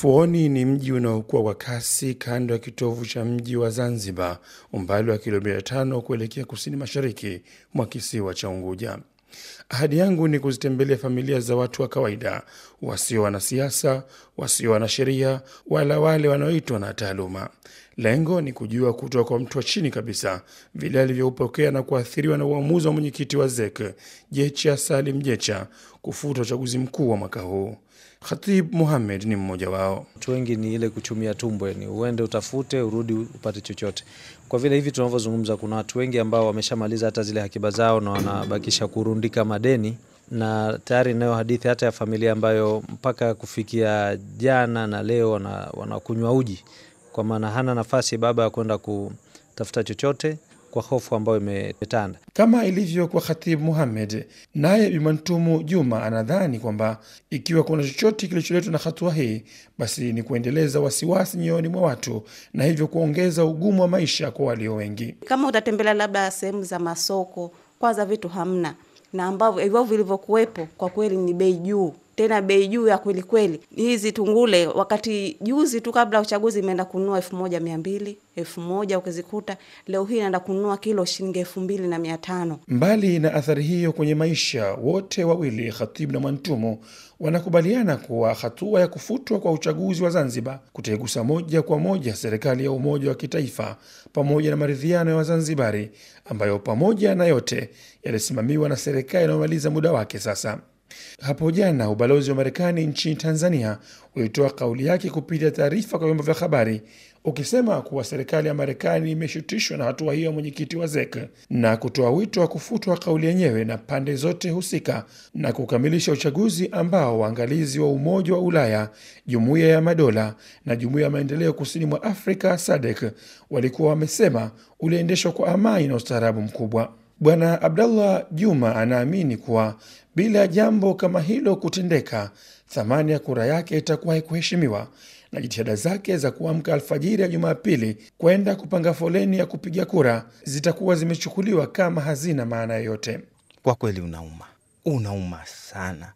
Fuoni ni mji unaokuwa kwa kasi kando ya kitovu cha mji wa Zanzibar, umbali wa kilomita tano kuelekea kusini mashariki mwa kisiwa cha Unguja. Ahadi yangu ni kuzitembelea familia za watu wa kawaida wasio wanasiasa, wasio wanasheria, wala wale wanaoitwa na taaluma. Lengo ni kujua kutoka kwa mtu wa chini kabisa vile alivyoupokea na kuathiriwa na uamuzi wa mwenyekiti wa ZEK Jecha Salim Jecha kufuta uchaguzi mkuu wa mwaka huu. Khatib Mohamed ni mmoja wao. Watu wengi ni ile kuchumia tumbo, ni uende utafute urudi upate chochote. Kwa vile hivi tunavyozungumza, kuna watu wengi ambao wameshamaliza hata zile hakiba zao na wanabakisha kurundika madeni na tayari nayo hadithi hata ya familia ambayo mpaka kufikia jana na leo wanakunywa wana uji kwa maana hana nafasi baba ya kwenda kutafuta chochote kwa hofu ambayo imetanda. Kama ilivyo kwa Khatibu Muhamed, naye Bimantumu Juma anadhani kwamba ikiwa kuna chochote kilicholetwa na hatua hii, basi ni kuendeleza wasiwasi nyoyoni mwa watu na hivyo kuongeza ugumu wa maisha kwa walio wengi. Kama utatembelea labda sehemu za masoko, kwanza vitu hamna, na ambavyo hivyo vilivyokuwepo kwa kweli ni bei juu tena bei juu ya kweli kweli. Hizi tungule wakati juzi tu kabla uchaguzi imeenda kununua elfu moja mia mbili elfu moja ukizikuta leo hii inaenda kununua kilo shilingi elfu mbili na mia tano. Mbali na athari hiyo kwenye maisha, wote wawili Khatibu na Mwantumo wanakubaliana kuwa hatua ya kufutwa kwa uchaguzi wa Zanzibar kutegusa moja kwa moja serikali ya umoja wa kitaifa pamoja na maridhiano ya Wazanzibari ambayo pamoja na yote yalisimamiwa na serikali inayomaliza muda wake sasa. Hapo jana ubalozi wa Marekani nchini Tanzania ulitoa kauli yake kupitia taarifa kwa vyombo vya habari ukisema kuwa serikali ya Marekani imeshutishwa na hatua hiyo ya mwenyekiti wa ZEK na kutoa wito wa kufutwa kauli yenyewe na pande zote husika na kukamilisha uchaguzi ambao waangalizi wa Umoja wa Ulaya, Jumuiya ya Madola na Jumuiya ya Maendeleo Kusini mwa Afrika SADC e walikuwa wamesema uliendeshwa kwa amani na ustaarabu mkubwa. Bwana Abdallah Juma anaamini kuwa bila ya jambo kama hilo kutendeka, thamani ya kura yake itakuwa haikuheshimiwa na jitihada zake za kuamka alfajiri ya Jumapili kwenda kupanga foleni ya kupiga kura zitakuwa zimechukuliwa kama hazina maana yoyote. Kwa kweli unauma, unauma sana,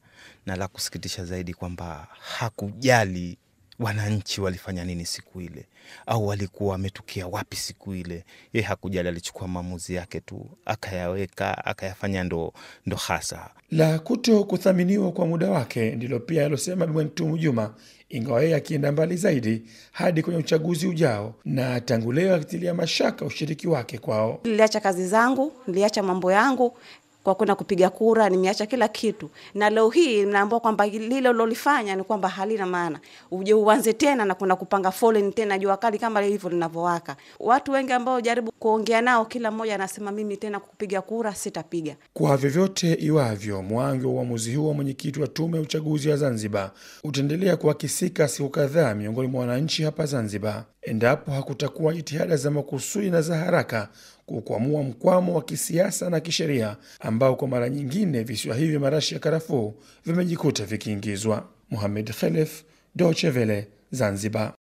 na la kusikitisha zaidi kwamba hakujali wananchi walifanya nini siku ile, au walikuwa wametukia wapi siku ile. Ye hakujali, alichukua maamuzi yake tu akayaweka, akayafanya ndo, ndo hasa la kuto kuthaminiwa kwa muda wake. Ndilo pia alosema Bi Juma, ingawa yeye akienda mbali zaidi hadi kwenye uchaguzi ujao, na tangu leo akitilia mashaka ushiriki wake kwao. Niliacha kazi zangu, niliacha mambo yangu, kwa kwenda kupiga kura, nimeacha kila kitu, na leo hii naambiwa kwamba lile ulolifanya ni kwamba halina maana, uje uanze tena na kwenda kupanga foleni tena, jua kali kama hivyo linavyowaka. Watu wengi ambao jaribu kuongea nao, kila mmoja anasema mimi tena kupiga kura sitapiga. Kwa vyovyote iwavyo, mwangi wa uamuzi huo wa mwenyekiti wa tume ya uchaguzi wa Zanzibar utaendelea kuakisika siku kadhaa miongoni mwa wananchi hapa Zanzibar endapo hakutakuwa jitihada za makusudi na za haraka kukwamua mkwamo wa kisiasa na kisheria ambao kwa mara nyingine visiwa hivi marashi ya karafuu vimejikuta vikiingizwa. Muhamed Khelef, Dochevele, Zanzibar.